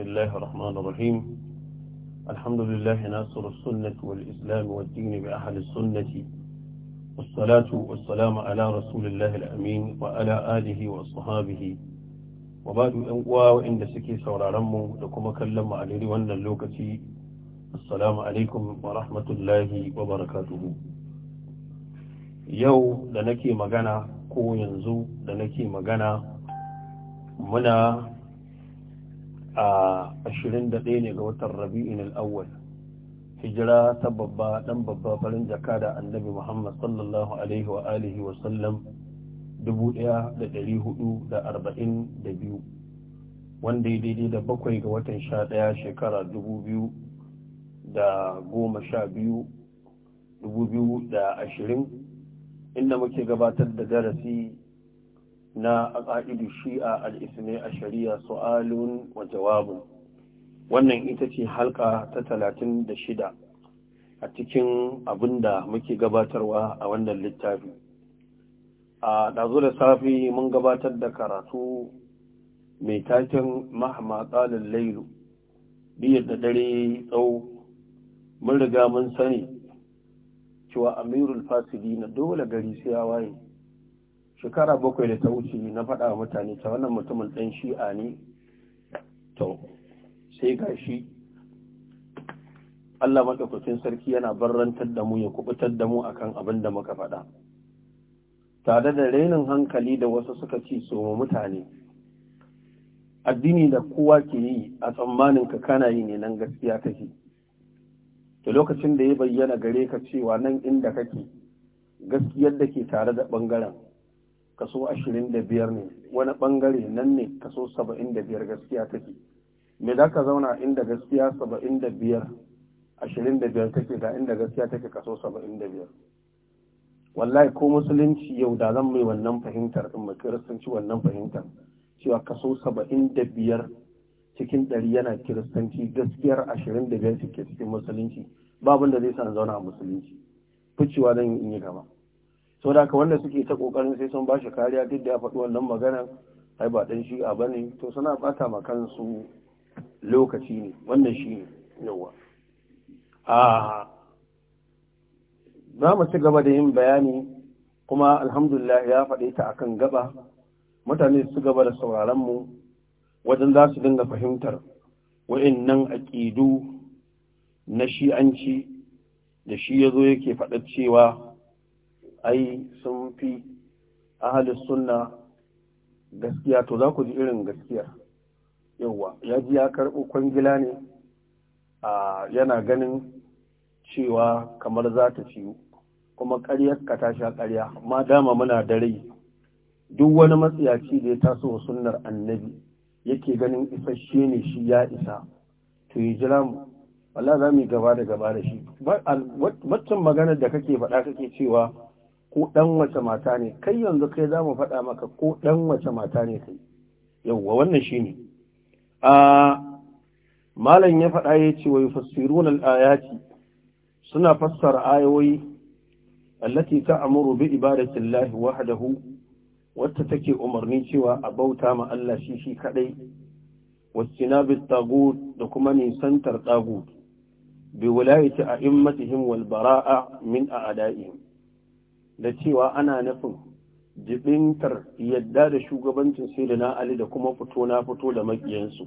بسم الله الرحمن الرحيم الحمد لله ناصر السنة والإسلام والدين بأهل السنة والصلاة والسلام على رسول الله الأمين وعلى آله وصحابه وبعد أنقوى وإن سكي سورا رمو لكم كلم عليه وأن اللوكتي السلام عليكم ورحمة الله وبركاته يو لنكي مغانا كو ينزو لنكي مغانا منا a 21 ne ga watan rabi'in al'awwal hijira ta babba dan babba farin jaka da annabi muhammad sallallahu alaihi wa alihi wa sallam 1442 wanda ya daidai da bakwai ga watan 11 shekara 2012 2020 inda muke gabatar da darasi na ƙa'idu shi'a al'isne a shari'a su'alun wa jawabun wannan ita ce halka ta talatin da shida a cikin abin da muke gabatarwa a wannan littafi a ɗazu da safi mun gabatar da karatu mai takin mahama tsalin lailu biyar da dare tsawo mun riga mun sani cewa amirul fasidi na dole gari sai ya waye shekara bakwai da ta wuce na faɗa wa mutane ta wannan mutumin ɗan shi'a ne to sai ga shi Allah maɗaukakin sarki yana barrantar da mu ya kubutar da mu akan abin da muka faɗa tare da renin hankali da wasu suka ci soma mutane addini da kowa ke yi a tsammanin ka kana yi ne nan gaskiya kake Da lokacin da ya bayyana gare ka cewa nan inda kake gaskiyar da ke tare da ɓangaren kaso ashirin da biyar ne wani bangare nan ne kaso saba'in da biyar gaskiya take me za ka zauna inda gaskiya saba'in da biyar ashirin da biyar take ga inda gaskiya take kaso saba'in da biyar wallahi ko musulunci yau da zan mai wannan fahimtar in mai kiristanci wannan fahimtar cewa kaso saba'in da biyar cikin ɗari yana kiristanci gaskiyar ashirin da biyar suke cikin musulunci babin da zai sa zauna a musulunci ficewa zan yi gaba sau da wanda suke ta kokarin sai sun bashi kariya duk da ya faɗi wannan maganar ai ba ɗan shi'a ba ne to suna ɓata ma kansu lokaci ne wannan shi ne yawa a za mu ci gaba da yin bayani kuma alhamdulillah ya faɗe ta akan gaba mutane su gaba da sauraron mu wajen za su dinga fahimtar wa'annan aƙidu na shi'anci da shi ya zo yake faɗa cewa ai sun fi ahalin sunna gaskiya to za ku ji irin gaskiyar yauwa ya ji ya karɓo kwangila ne a yana ganin cewa kamar za ta ciwo kuma ƙaryar ka ta sha ƙarya ma dama muna da rai duk wani matsiyaci da ya taso wa sunnar annabi yake ganin isasshe ne shi ya isa to yi jira mu Wala za mu gaba da gaba da shi waccan maganar da kake faɗa kake cewa ko ɗan wace mata ne kai yanzu kai za mu faɗa maka ko ɗan wace mata ne kai yauwa wannan shi ne malam ya faɗa ya ce wai na al'ayati suna fassara ayoyi allati ta amuru bi ibadatin lahi wahdahu wata take umarni cewa a bauta ma Allah shi shi kaɗai wasinabit tagut da kuma nisantar tagut bi wilayati a'immatihim wal bara'a min a'da'ihim da cewa ana nufin jibintar yadda da shugabancin na Ali da kuma fito na fito da makiyansu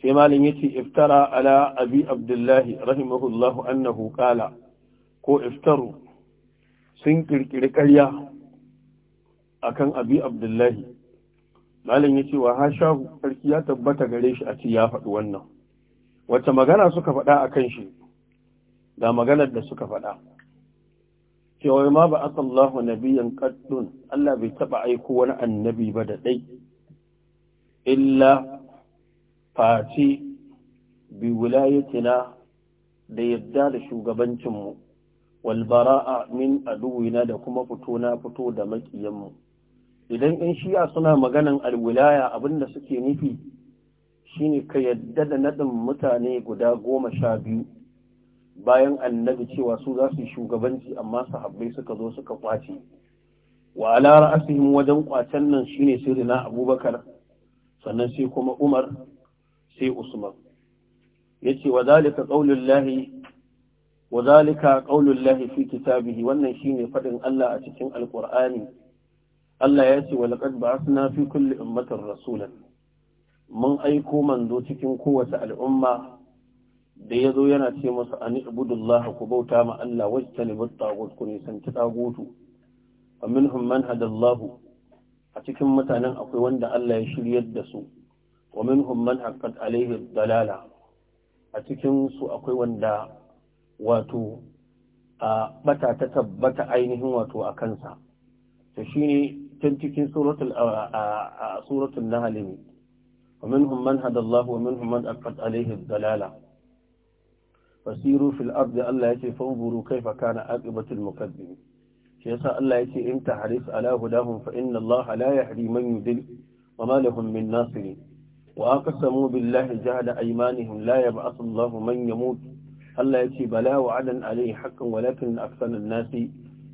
sai malin ce iftara ala abi abdullahi rahimahullahu annahu kala ko iftaru sun kirkiri ƙarya kan abi abdullahi malin ce wa shahu sarki ya tabbata gare shi a ci ya faɗi wannan wacce magana suka faɗa a kan shi da maganar da suka faɗa cewa ma ba aka Allahu nabiyan kaddun Allah bai taɓa aiko wani annabi ba da dai illa fati bi wulayatina da yadda da shugabancinmu wal bara'a min aduwina da kuma fito na fito da makiyanmu idan in shi'a suna maganan alwilaya abin da suke nufi shine ka yadda da naɗin mutane guda goma sha biyu bayan annabi cewa su za su yi shugabanci amma sahabbai suka zo suka kwace wa ala ra'asihim wajen kwacen nan shine sirrina abubakar sannan sai kuma umar sai usman yace wa zalika qaulullahi wa zalika qaulullahi fi kitabihi wannan shine fadin Allah a cikin alqur'ani Allah ya ce wa laqad ba'athna fi kulli ummatin rasulan mun aiko manzo cikin kowace al'umma da ya zo yana ce masa an ibudullah ku bauta ma Allah wajtani buttagut ku nisanci san tagutu wa minhum man hadallahu a cikin mutanen akwai wanda Allah ya shiryar da su wa minhum man haqqat alaihi dalala a cikin su akwai wanda wato a bata ta tabbata ainihin wato a kansa to shine tun cikin suratul a suratul nahl ne wa minhum man hadallahu wa minhum man haqqat alaihi dalala فسيروا في الأرض الله يتي فانظروا كيف كان أقبة المكذب شيسا الله يتي إن تحرس على هداهم فإن الله لا يحري من يدل وما لهم من ناصرين وأقسموا بالله جهد أيمانهم لا يبعث الله من يموت الله يتي بلا وعدا عليه حقا ولكن أكثر الناس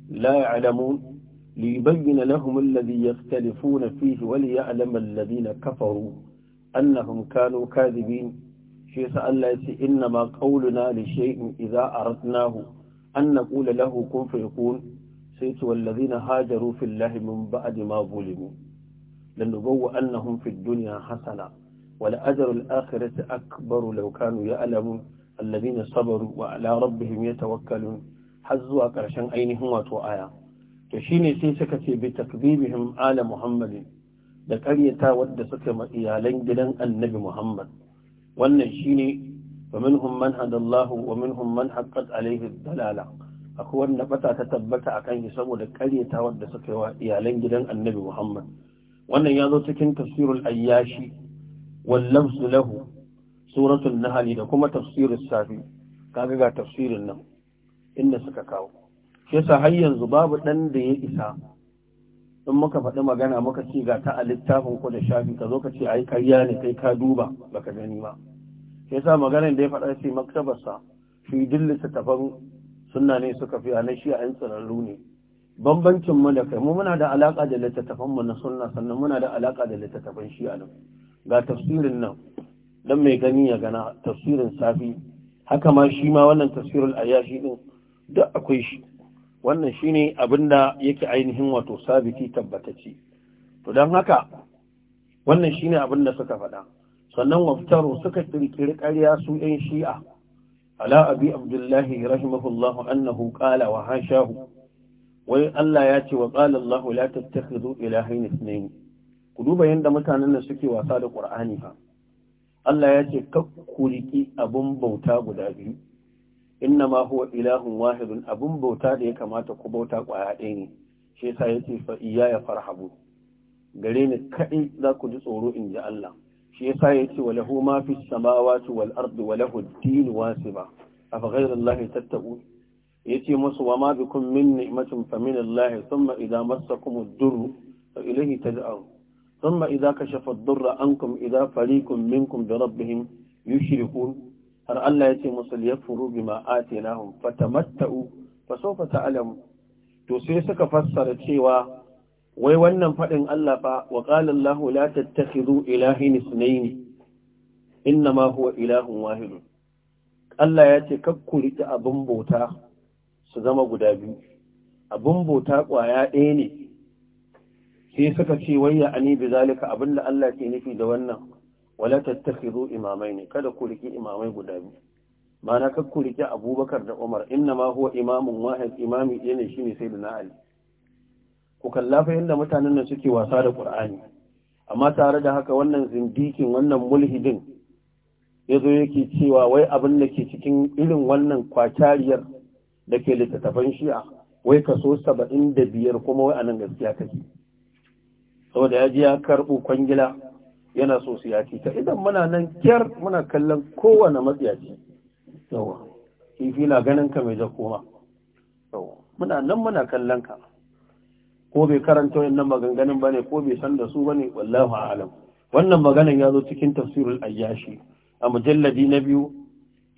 لا يعلمون ليبين لهم الذي يختلفون فيه وليعلم الذين كفروا أنهم كانوا كاذبين shi yasa Allah ya ce inna ma qauluna li shay'in idza aradnahu an naqula lahu kun fayakun sai ce wallazina hajaru fillahi min ba'di ma zulimu lanubawwa annahum fid dunya hasana wal ajrul akhirati akbaru law kanu ya'lamun alladhina sabaru wa ala rabbihim yatawakkalun har zuwa ƙarshen ainihin wato aya to shine sai suka ce bi takdibihim ala muhammadin da ƙaryata wadda suka ma iyalan gidan annabi muhammad wannan shine فمنهم من هدى الله ومنهم من حقت عليه الضلاله akwai wanda bata ta tabbata a shi saboda karyata wanda suka yi wa iyalan gidan annabi Muhammad wannan ya zo cikin tafsirul ayyashi wal lafzu lahu suratul nahl da kuma tafsirus safi kaga ga tafsirin nan inda suka kawo shi har yanzu babu dan da ya isa in muka faɗi magana muka ce ga ta a littafin ku da shafi ka zo ka ce ai karya ne kai ka duba baka gani ba sai sa maganar da ya faɗa ce maktabarsa shi duk littattafan sunna ne suka fi a shi a 'yan tsirarru ne bambancin mu da kai mu muna da alaka da littattafan mu na sunna sannan muna da alaka da littattafan shi a nan ga tafsirin nan dan mai gani ya gana tafsirin safi haka ma shi ma wannan tafsirul ayashi din duk akwai shi wannan shine abin da yake ainihin wato sabiti tabbatacce to don haka wannan shine abin da suka faɗa sannan waftaru suka kirkiri ƙarya su ‘yan shi'a ala abi abdullahi rahimahullahu annahu qala wa hashahu wai Allah ya ce wa qala Allah la tattakhidhu ilahayn ithnayn ku duba yanda mutanen nan suke wasa da Qur'ani fa Allah ya ce kakku riki abun bauta guda biyu inna ma huwa ilahun wahidun abun bauta da ya kamata ku bauta ƙwaya ɗaya ne shi yasa yace fa iyaya farhabu gare ni kaɗai za ku ji tsoro in ji Allah shi yasa yace wa lahu ma fi samawati wal ardi wa lahu ad-din wasiba afa ghayra Allah tattabu yace musu wa ma bikum min ni'matin fa min Allah thumma idza massakum ad-durr fa ilayhi tad'un thumma idza kashafa ad-durra ankum idza fariqun minkum bi rabbihim yushrikun har Allah ya ce musu liyafuru bima Fata fatamatta'u fa sawfa ta'lamu to sai suka fassara cewa wai wannan faɗin Allah fa wa qala Allah la tattakhidhu ilahin isnayn innama huwa ilahun wahid Allah ya ce kakku riki abin bota su zama guda biyu abin bota ƙwaya ɗaya ne sai suka ce wai ya ani bi zalika abinda Allah ke nufi da wannan wala tattakhidhu ne, kada ku riki imamai guda biyu mana kar ku riki Abubakar da Umar inna ma huwa imamun wahid imami ɗaya ne shine sayyidina Ali ku kalla fa yanda mutanen nan suke wasa da Qur'ani amma tare da haka wannan zindikin wannan mulhidin yazo yake cewa wai abin da ke cikin irin wannan kwatariyar da ke littattafan shi'a wai kaso saba'in da biyar kuma wai nan gaskiya kake saboda ya ji ya karɓo kwangila yana so su yaki ta idan muna nan kyar muna kallon kowane matsiyaci yawa kifi na ganin ka mai jakoma yawa muna nan muna kallon ka ko bai karanta wannan maganganun bane ko bai san da su bane wallahu a'lam wannan maganan ya zo cikin tafsirul ayyashi a mujalladi na biyu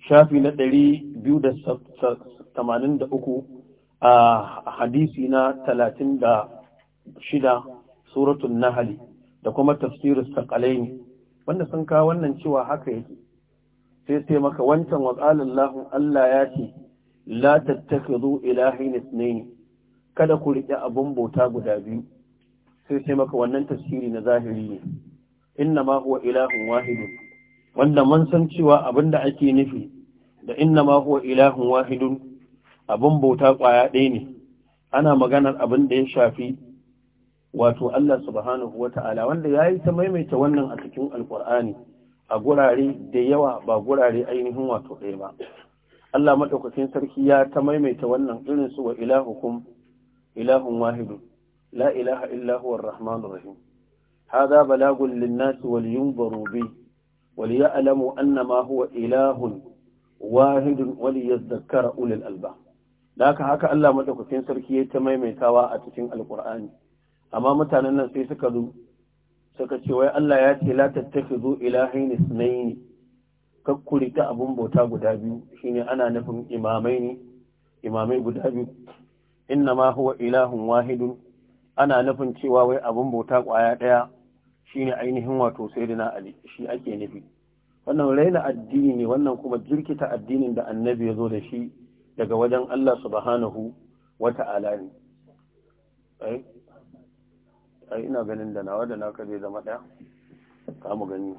shafi na ɗari biyu da tamanin da uku a hadisi na talatin da shida suratun nahali da kuma tafsirus saqalain wanda sun kawo wannan cewa haka yake sai sai maka wancan wa qalallahu Allah ya ce la tattakhidhu ilahin ithnain kada ku riƙe abun bauta guda biyu sai sai maka wannan tafsiri na zahiri ne inna ma huwa ilahun wahidun wanda mun san cewa da ake nufi da inna ma huwa ilahun wahidun abin bauta kwaya ɗaya ne ana maganar abin da ya shafi wato Allah subhanahu wa ta'ala wanda ya yi ta maimaita wannan a cikin alkur'ani a gurare da yawa ba gurare ainihin wato ɗaya ba Allah maɗaukakin sarki ya ta maimaita wannan irin su wa ilahukum ilahun wahidun la ilaha illa huwa rahmanur rahim hadha balagun linnasi nas wal yunzaru bi wal ya'lamu anna ma huwa ilahun wahidun wal yadhakkara alba? albab haka haka Allah maɗaukakin sarki ya ta maimaitawa a cikin alkur'ani amma mutanen nan sai suka zo suka ce wai Allah ya ce la tattakhidhu ilahayn ne kakkuri ta abun bauta guda biyu shine ana nufin imamai ne imamai guda biyu inna ma huwa ilahun wahidun ana nufin cewa wai abun bauta kwaya daya shine ainihin wato sayyidina ali shi ake nufi wannan raina addini ne wannan kuma jirkita addinin da annabi ya zo da shi daga wajen Allah subhanahu wata'ala ne ai ina ganin da nawa da naka zai zama ɗaya ka mu gani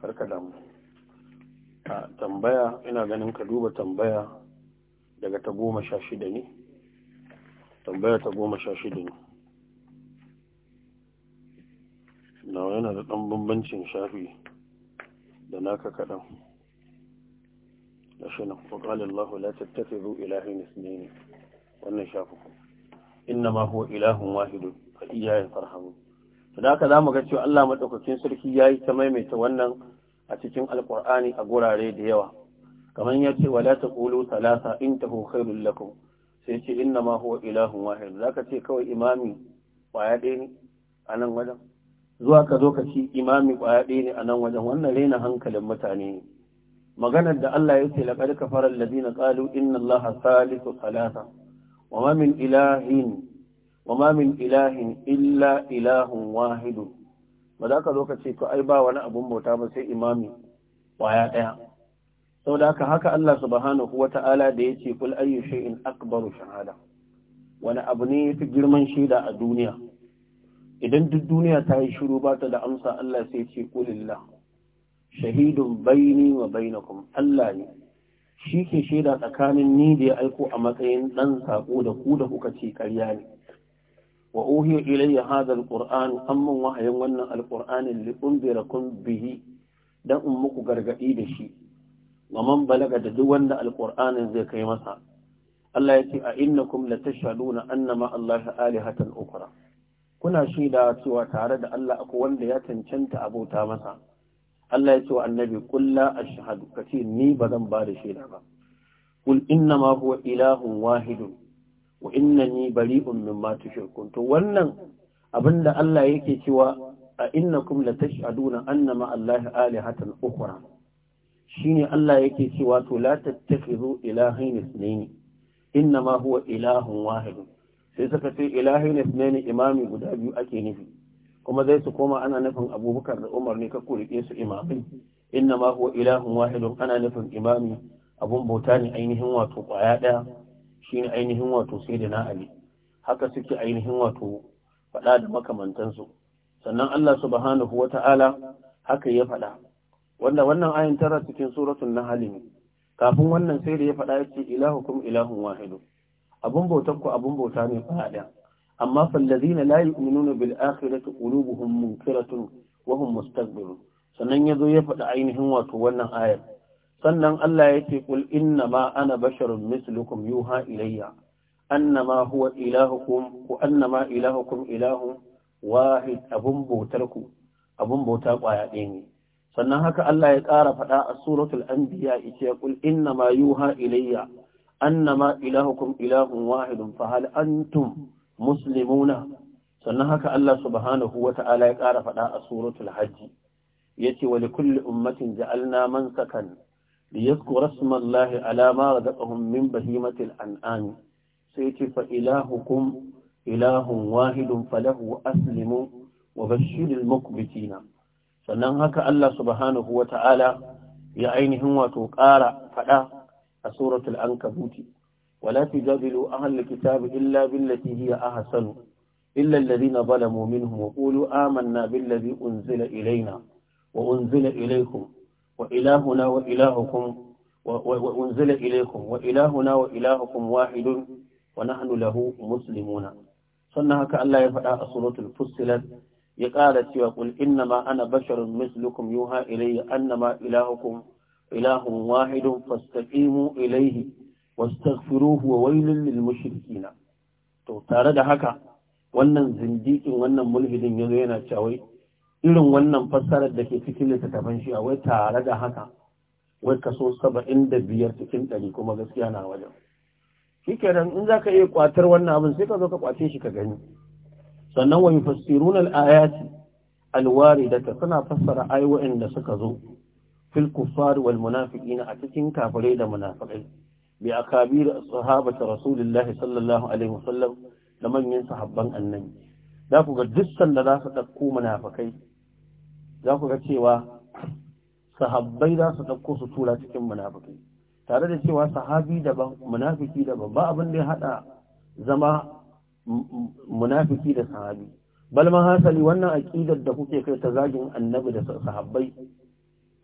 karka damu a tambaya ina ganin ka duba tambaya daga ta goma sha shida ne tambaya ta goma sha shida ne nawa yana da ɗan bambancin shafi da naka kaɗan da shi na ƙwaƙalin lahu la tattafi zu ilahin wannan shafi inna ma huwa ilahun wahidun iyayen farhamu da haka zamu ga cewa Allah maɗaukakin sarki yayi ta maimaita wannan a cikin Alƙur'ani a gurare da yawa kamar ya ce wala ta taqulu thalatha intahu khairul lakum sai ce inna ma huwa ilahun wahid ka ce kawai imami ƙwaya ɗaya ne a nan wajen zuwa ka zo ka ci imami ƙwaya ɗaya ne a nan wajen wannan raina hankalin mutane ne maganar da Allah ya ce laqad kafara alladhina qalu inna Allah salisu thalatha wa ma min ilahin wa ma min illa ilahun wahidu ba za ka ce to ai ba wani abun bauta ba sai imami waya daya saboda haka haka Allah subhanahu wata'ala da yace kul ayyu shay'in akbaru shahada wani abu ne yafi girman shaida a duniya idan duk duniya ta yi shiru ba ta da amsa Allah sai ce kulillah shahidun baini wa bainakum Allah ne shi ke shaida tsakanin ni da ya aiko a matsayin ɗan sako da ku da kuka ce karya ne wa uhiya ilayya hadha alquran amma wahayin wannan alqur'ani li unzirakum bihi dan in muku gargadi da shi wa man balaga da duk wanda alqur'anin zai kai masa Allah yace a innakum latashhaduna annama allaha alihatan ukra kuna shaida cewa tare da Allah akwai wanda ya cancanta abota masa Allah ya ce wa annabi kulla ashhadu kace ni ba zan ba da shaida ba kul inna ma huwa ilahun wahidun wa innani bari'un mimma tushrikun to wannan abinda Allah yake cewa a innakum latashhaduna anna ma allahi alihatan ukhra shine Allah yake cewa to la tattakhidhu ilahayn ithnayn inna ma huwa ilahun wahid sai saka sai ilahayn ithnayn imami guda biyu ake nufi kuma zai su koma ana nufin abubakar da umar ne ka kurike su imamai inna ma huwa ilahun wahid ana nufin imami abun bauta ne ainihin wato kwaya daya shine ainihin wato sai da na ali haka suke ainihin wato faɗa da makamantansu sannan Allah subhanahu wa ta'ala haka ya faɗa wanda wannan ayin tara cikin na hali ne kafin wannan sai da ya faɗa yace kum ilahun wahidu abun bautar ku abun bauta ne fa amma fallazina ladina la yu'minuna bil akhirati qulubuhum munkiratun wa hum mustakbirun sannan yazo ya faɗa ainihin wato wannan ayar sannan Allah ya ce kul inna ma ana basharun mislukum yuha ilayya annama huwa ilahukum ku annama ilahukum ilahu wahid abun bautar ku abun bauta kwaya ɗaya ne sannan haka Allah ya ƙara faɗa a suratul anbiya yace kul inna ma yuha ilayya annama ilahukum ilahun wahidun fa hal antum muslimuna sannan haka Allah subhanahu ta'ala ya ƙara faɗa a suratul hajji yace wa likulli ummatin ja'alna man sakan ليذكر اسم الله على ما رزقهم من بهيمة الأنعام سيتي فإلهكم إله واحد فله أسلموا وبشر المقبتين sannan haka Allah subhanahu wa ta'ala ya ainihin wato ƙara faɗa a suratul an kabuti, wala fi jabilu a halli kitabi illa billati hiya a hasanu, illa lalazi na bala momin wa ƙulu amanna billazi unzila ilaina wa unzila ilaikum وإلهنا وإلهكم وأنزل إليكم وإلهنا وإلهكم واحد ونحن له مسلمون sannan haka Allah ya faɗa a suratul fussilat ya ƙara cewa qul innama ana basharun mislukum yuha ilayya annama ilahukum ilahun wahidun fastaqimu ilayhi wastaghfiruhu wa waylun lil to tare da haka wannan zindiqin wannan mulhidin yazo yana cewa irin wannan fassarar da ke cikin littattafan shi a wai tare da haka wai kaso saba'in da biyar cikin ɗari kuma gaskiya na wajen shi kenan in za ka iya kwatar wannan abin sai ka zo ka kwace shi ka gani sannan wa yufassiruna al-ayati alwari da suna fassara ayoyin da suka zo fil kuffar wal munafiqina a cikin kafirai da munafiqai bi akabir sahabati rasulillahi sallallahu alaihi wasallam da manyan sahabban annabi da ku ga dukkan da za su ɗauko munafukai za ku ga cewa sahabbai za su ɗauko su tura cikin munafukai tare da cewa sahabi daban munafiki daban ba abin da ya haɗa zama munafiki da sahabi bal ma hasali wannan aqidar da kuke kai ta zagin annabi da sahabbai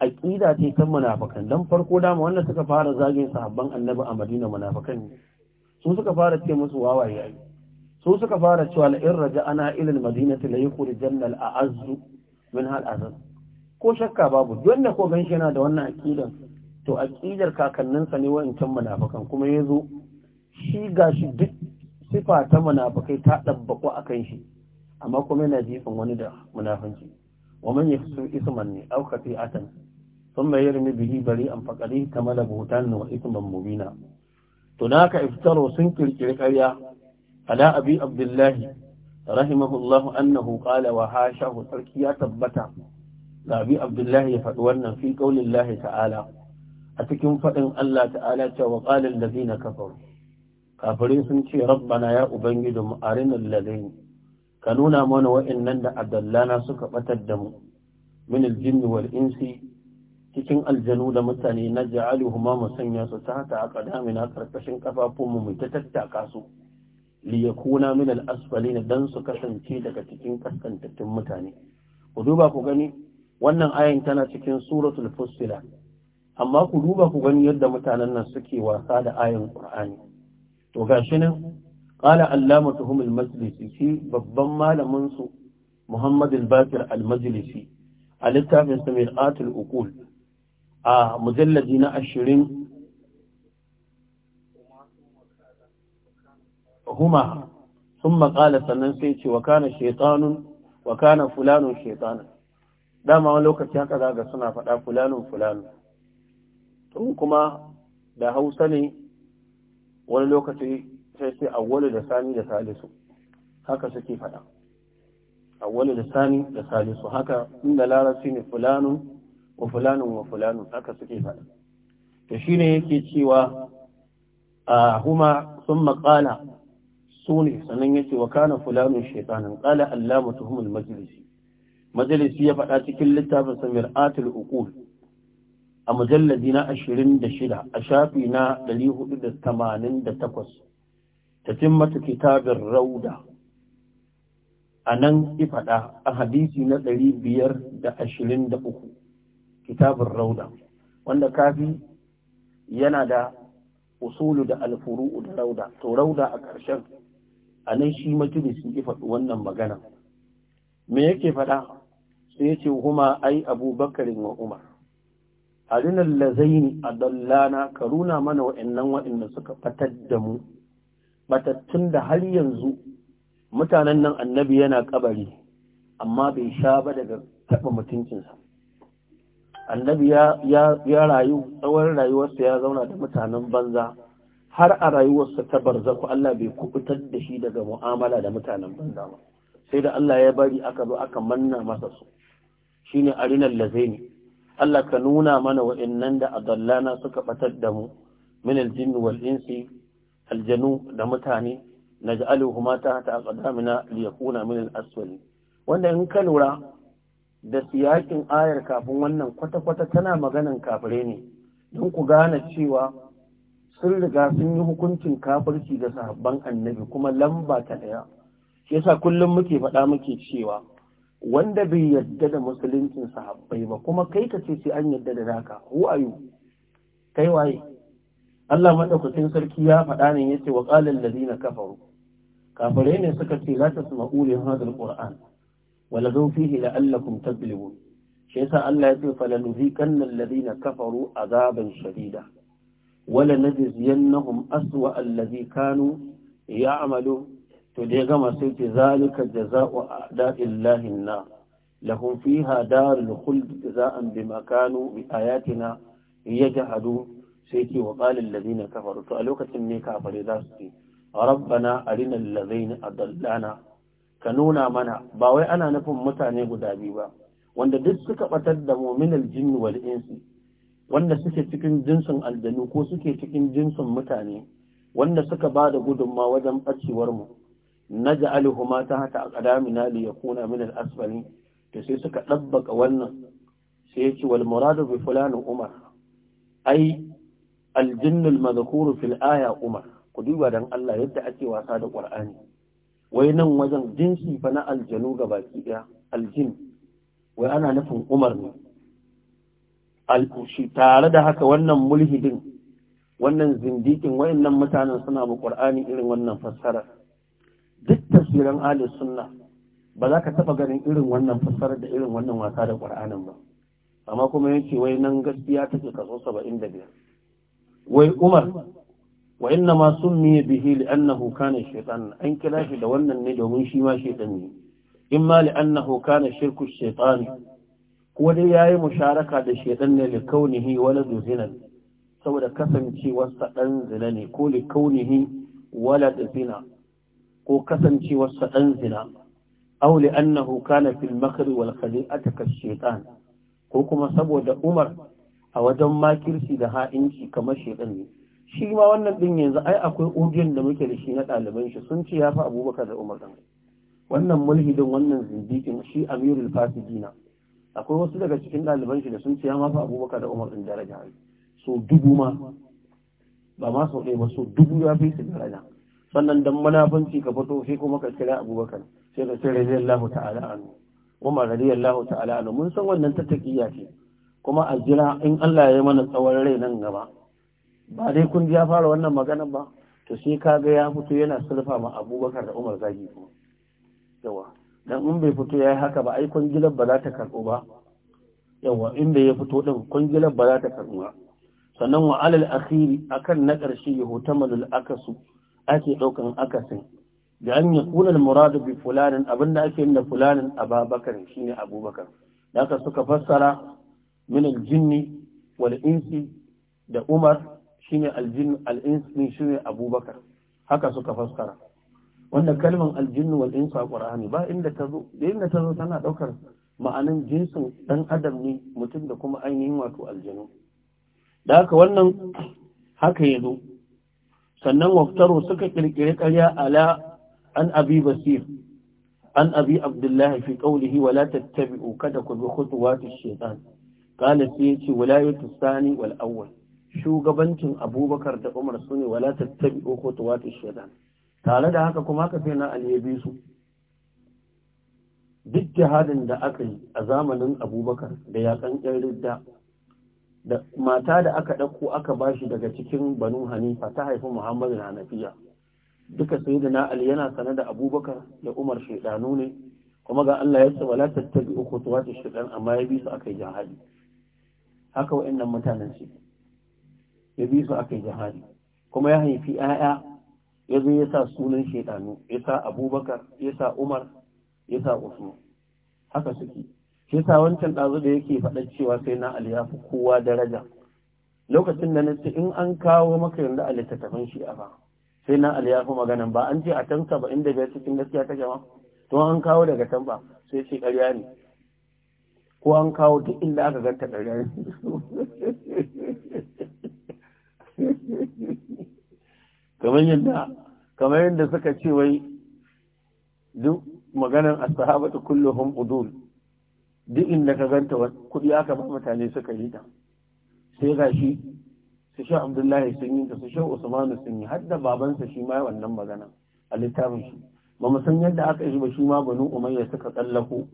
aqida ce ta munafikan dan farko dama wanda suka fara zagin sahabban annabi a Madina munafikan ne su suka fara ce musu wawaye ai su suka fara cewa la in raja ana ila al-madinati la yukhrijanna al-a'azzu min hal azab ko shakka babu wanda ko ganshi yana da wannan aqidan to aqidar kakanninsa ne wa'ancan munafikan kuma yazo shi gashi duk sifa ta munafikai ta dabbako akan shi amma kuma yana jifin wani da munafinci wa man yasu isman ni aw khati'atan thumma yarmi bihi bari'an faqali kamala buhtanan wa isman mubina to naka iftaro sun kirkiri ƙarya ala abi abdullahi rahimahullahu annahu qala wa shahu tsarki ya tabbata Rabi abdullahi ya faɗi wannan fi qaulillahi ta'ala a cikin faɗin Allah ta'ala cewa qala allazina kafaru kafirai sun ce rabbana ya ubangijinmu arinal ladaini ka nuna mana wa'annan da adallana suka batar da mu min aljinni wal insi cikin aljanu da mutane na ja'aluhuma musanya su ta hata a ƙadamin a ƙarƙashin ƙafafunmu mu ta tattaka su liyakuna min al ne dan su kasance daga cikin kaskantattun mutane ku duba ku gani wannan ayan tana cikin suratul fussila amma ku duba ku gani yadda mutanen nan suke wasa da ayan qur'ani to gashi nan qala allamatuhum al-majlisi ce, babban malamin su Muhammad al-Bakir al-Majlisi a littafin Samir'atul Uqul a mujalladi na ashirin huma sun makala sannan sai ce wa kana shaytanun wa kana fulanun shaytanan dama wani lokaci haka za ga suna faɗa fulanun fulanun tun kuma da Hausa ne wani lokaci sai sai awwalu da sani da salisu haka suke faɗa awwalu da sani da salisu haka inda larabci ne fulanun wa fulanun wa fulanun haka suke faɗa to shine yake cewa a ah, huma sun makala. su sanan ya yace wa kana fulanu shaytanan qala allama tuhumul majlisi majalisi ya faɗa cikin littafin samir atul uqul a mujalladi na 26 a shafi na ta cimmata kitabir rauda anan fada a hadisi na 523 kitabir rauda wanda kafi yana da usulu da alfuru da rauda to rauda a ƙarshen a nan shi sun yi faɗi wannan magana me yake faɗa sai ya ce huma ai abubakarin wa umar harinar lazaini a dallana ka runa mana wa'annan wa'anda suka fatar da mu batattun da har yanzu mutanen nan annabi yana kabari amma bai sha ba daga taɓa mutuncinsa annabi ya rayu tsawon rayuwarsa ya zauna da mutanen banza har a rayuwarsa ta barzaku Allah bai kubutar da shi daga mu'amala da mutanen banza ba sai da Allah ya bari aka zo aka manna masa su shine arinal lazaini Allah ka nuna mana wa'annan da adallana suka batar da mu min aljin wal insi aljanu da mutane ta tahta aqdamina yakuna min al-asfali wanda in ka lura da siyakin ayar kafin wannan kwata-kwata tana maganan kafire ne don ku gane cewa sun riga sun yi hukuncin kafirci ga sahabban annabi kuma lamba ta ɗaya shi yasa kullum muke faɗa muke cewa wanda bai yarda da musuluncin sahabbai ba kuma kai ka ce sai an yarda da naka who are you kai waye Allah madaukakin sarki ya faɗa ne yace wa qala allazina kafaru kafirai ne suka ce la tasma'u li hadha alquran wa la fihi la'allakum tadlibun shi yasa Allah ya ce falanuziqanna allazina kafaru azaban shadida wala najziyannahum aswa allazi kanu ya'malu to da ya gama sai ce zalika daɗin a'da'illahi na lahum fiha darul za jaza'an bima kanu bi ayatina yajhadu sai ce wa qala na kafaru to a lokacin ne kafare za su ce rabbana arina a adallana ka nuna mana ba wai ana nufin mutane guda biyu ba wanda duk suka batar da mu'minal jinni wal insi wanda suke cikin jinsin aljanu ko suke cikin jinsin mutane wanda suka ba da gudunma wajen ɓacewar na na ja'aluhuma ta hata a ƙadamina li kuna min al-asfali to sai suka ɗabbaka wannan sai yace wal muradu bi fulani umar ai aljinnul madhkuru fil aya umar ku duba dan Allah yadda ake wasa da Qur'ani wai nan wajen jinsi fa na aljanu ga baki daya aljin wai ana nufin umar ne al'ushi tare da haka wannan mulhidin wannan zindikin wayannan mutanen suna mu qur'ani irin wannan fassara duk tafsirin ahli suna, ba za ka taɓa ganin irin wannan fassara da irin wannan wasa da qur'anin ba amma kuma yace wai nan gaskiya take kaso biyar. wai umar wa inna ma summiya bihi li'annahu kana shaytan an kira shi da wannan ne domin shi ma shaytan ne imma li'annahu kana shirku shaytan ko dai yi musharaka da shedan ne likaunihi da zinan saboda kasancewar sa zina ne ko likaunihi da zina ko kasancewar sa zina aw annahu kana fil makr wal khali'ati ka shaytan ko kuma saboda Umar a wajen makirci da ha'inci kamar shedan ne shi ma wannan din yanzu ai akwai ujiyan da muke da shi na ɗaliban shi sun ce ya fi abubakar da umar ɗan wannan mulhidin wannan zindikin shi amirul fasidina akwai wasu daga cikin ɗaliban shi da sun ce ma fa abubakar da umar din daraja so dubu ma ba ma sau ɗaya ba so dubu ya fi su daraja sannan dan munafanci ka fito sai kuma ka kira abubakar sai ka ce radiyallahu ta'ala anhu umar radiyallahu ta'ala anhu mun san wannan tattakiya ce kuma a jira in Allah ya yi mana tsawon rai nan gaba ba dai kun ji ya fara wannan magana ba to sai kaga ya fito yana sulfa ma abubakar da umar zagi kuma yawa dan in bai fito yayi haka ba ai kwangilar ba za ta karbo ba yawa inda ya fito din kwangilar ba za ta karɓo ba sannan wa alal akhiri akan na ƙarshe ya akasu ake ɗaukan akasin da an yi kunan muradu bi fulanin abinda ake yin da fulanin ababakar shine abubakar da aka suka fassara min aljinni wal insi da umar shine aljin al insi shine abubakar haka suka fassara wanda kalmar aljinnu wal insu qur'ani ba inda ta zo inda ta zo tana daukar ma'anan jinsin dan adam ne mutum da kuma ainihin wato aljinu da haka wannan haka ya zo sannan waftaro suka kirkiri karya ala an abi basir an abi abdullahi fi qawlihi wa la tattabi'u kada ku bi khutuwati shaytan qala sai yace wilayatu sani wal awwal shugabancin abubakar da umar sune wala la tattabi'u khutuwati shaytan tare da haka kuma ka sai na aliyabe su duk jihadin da aka yi a zamanin abubakar da yakan ridda da mata da aka ɗauko aka bashi daga cikin banu hanifa ta haifi muhammadu hanafiya duka sai da na ali yana sane da abubakar da umar shaidanu ne kuma ga allah ya ce wala tattabi uku tuwa ta shaidan amma ya bi su aka yi jihadi haka wa'annan mutanen su ya bi su aka yi jihadi kuma ya haifi 'ya'ya ya zo ya sa sunan shaidanu ya sa abubakar ya sa umar ya sa usman haka suke shi sa wancan ɗazu da yake faɗa cewa sai na ali ya kowa daraja lokacin da na ce in an kawo maka yanzu a littattafan shi a ba sai na ali ya fi maganan ba an ce a can ka ba inda bai cikin gaskiya ta jama to an kawo daga can ba sai ce ƙarya ne ko an kawo duk inda aka ganta ƙarya ne kamar yadda kamar yadda suka ce wai duk maganar ashabatu kulluhum udul duk inda ka ganta kuɗi aka ba mutane suka yi ta sai ga shi su sha abdullahi sun yi ta su sha usmanu sun yi hadda babansa shi ma wannan magana a littafin shi ba mu san yadda aka yi ba shi ma banu umayya suka tsallako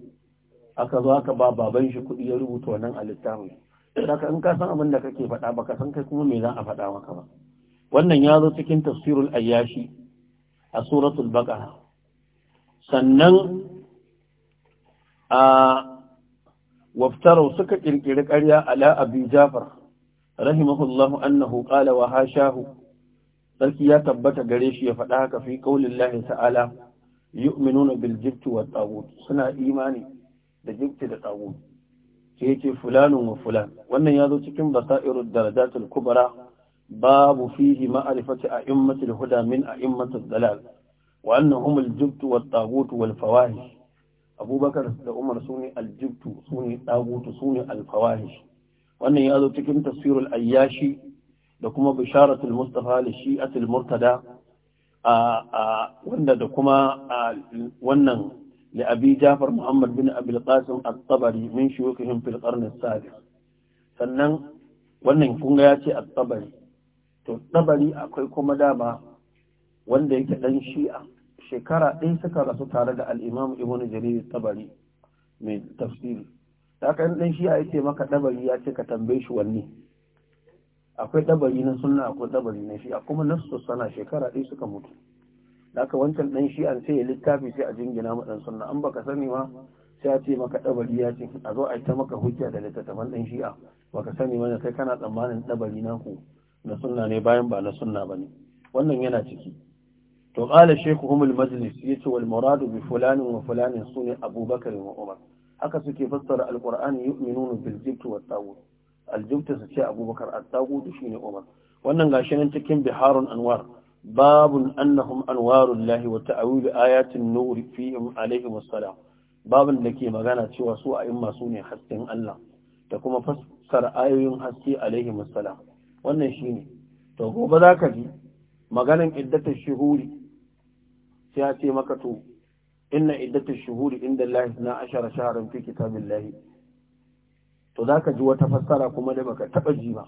aka zo aka ba baban shi kuɗi ya rubuta wannan a littafin shi in ka san abin da kake faɗa ba ka san kai kuma me za a faɗa maka ba wannan ya zo cikin tafsirul ayyashi a suratul baqara sannan a waftarau suka kirkiri ƙarya ala abi jafar rahimahullahu annahu qala wa hashahu sarki ya tabbata gare shi ya faɗa haka fi qaulin lahi ta'ala yu'minuna bil jibti wa tagut suna imani da jibti da tagut sai yace fulanun wa fulan wannan ya zo cikin basairud darajatul kubra babu fihi ma'arifati a immatul huda min a immatul dalal wa annahum al wa at-taghut abubakar da umar sune al-jibt sune taghut sune al-fawahish wannan ya zo cikin tafsirul ayyashi da kuma bisharatul mustafa li shi'atul murtada a wanda da kuma wannan li jafar muhammad bin abul qasim at-tabari sannan wannan ya ce at-tabari to ɗabari akwai kuma dama wanda yake ɗan shi'a shekara ɗaya suka rasu tare da al'imamu ibn jarir tsabari mai tafsiri ta kan ɗan shi'a ya ce maka ɗabari ya ce ka tambaye shi wanne akwai ɗabari na sunna akwai ɗabari na shi'a kuma nasu sana shekara ɗaya suka mutu aka wancan ɗan shi'a sai ya littafi sai a jingina ma dan sunna an baka sani ma sai a ce maka ɗabari ya ce a zo a ta maka hujja da littattafan ɗan shi'a baka sani mana sai kana tsammanin ɗabari na ku na sunna ne bayan ba na sunna ba ne wannan yana ciki to qala shaykhuhum al-majlis ce wal muradu bi fulan wa su ne abubakar wa umar haka suke fassara al-qur'ani yu'minuna bil jibt wa tawud al-jibt su ce abubakar at-tawud shine umar wannan gashi nan cikin biharun anwar babun annahum anwarul lahi wa ta'awil ayatin nur fihim alaihim assalam babun da ke magana cewa su a yin masu ne hasken Allah da kuma fassara ayoyin haske alaihim wannan shi ne to gobe za ka ji maganin iddatar shuhuri sai ya ce maka to inna iddatar shuhuri inda lahi na ashara shaharar fi kitabin lahi to za ka ji wata fassara kuma da baka taɓa ji ba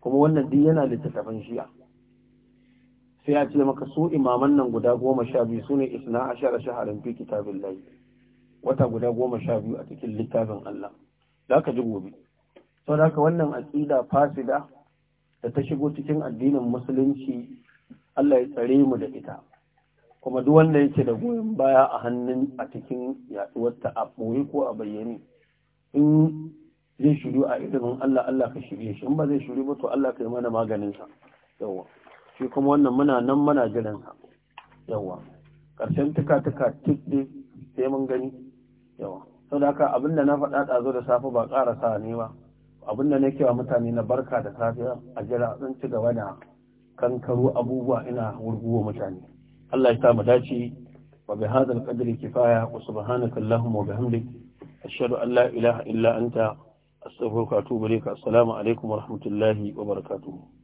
kuma wannan din yana littattafan shi'a sai ya ce maka su imaman nan guda goma sha biyu su ne isna ashara shaharar fi kitabin lahi wata guda goma sha biyu a cikin littafin Allah za ka ji gobe sau da haka wannan aƙida fasida da ta shigo cikin addinin musulunci Allah ya tsare mu da ita kuma duk wanda yake da goyon baya a hannun a cikin yaduwar ta a boye ko a bayyane in zai shiru a idanun Allah Allah ka shirye shi in ba zai shiru ba to Allah ka yi mana maganin sa yawa shi kuma wannan muna nan muna jiran sa yawa karshen tuka tuka tik sai mun gani yawa saboda haka abinda na faɗa zo da safe ba ƙara sa ne ba abinda na kewa mutane na barka da safiya a jira zan ci gaba da kankaro abubuwa ina wurguwa mutane Allah ya sa mu dace wa bi hadzal qadri kifaya wa subhanaka allahumma wa bihamdik ashhadu an la ilaha illa anta astaghfiruka wa atubu ilaik assalamu alaikum wa rahmatullahi wa barakatuh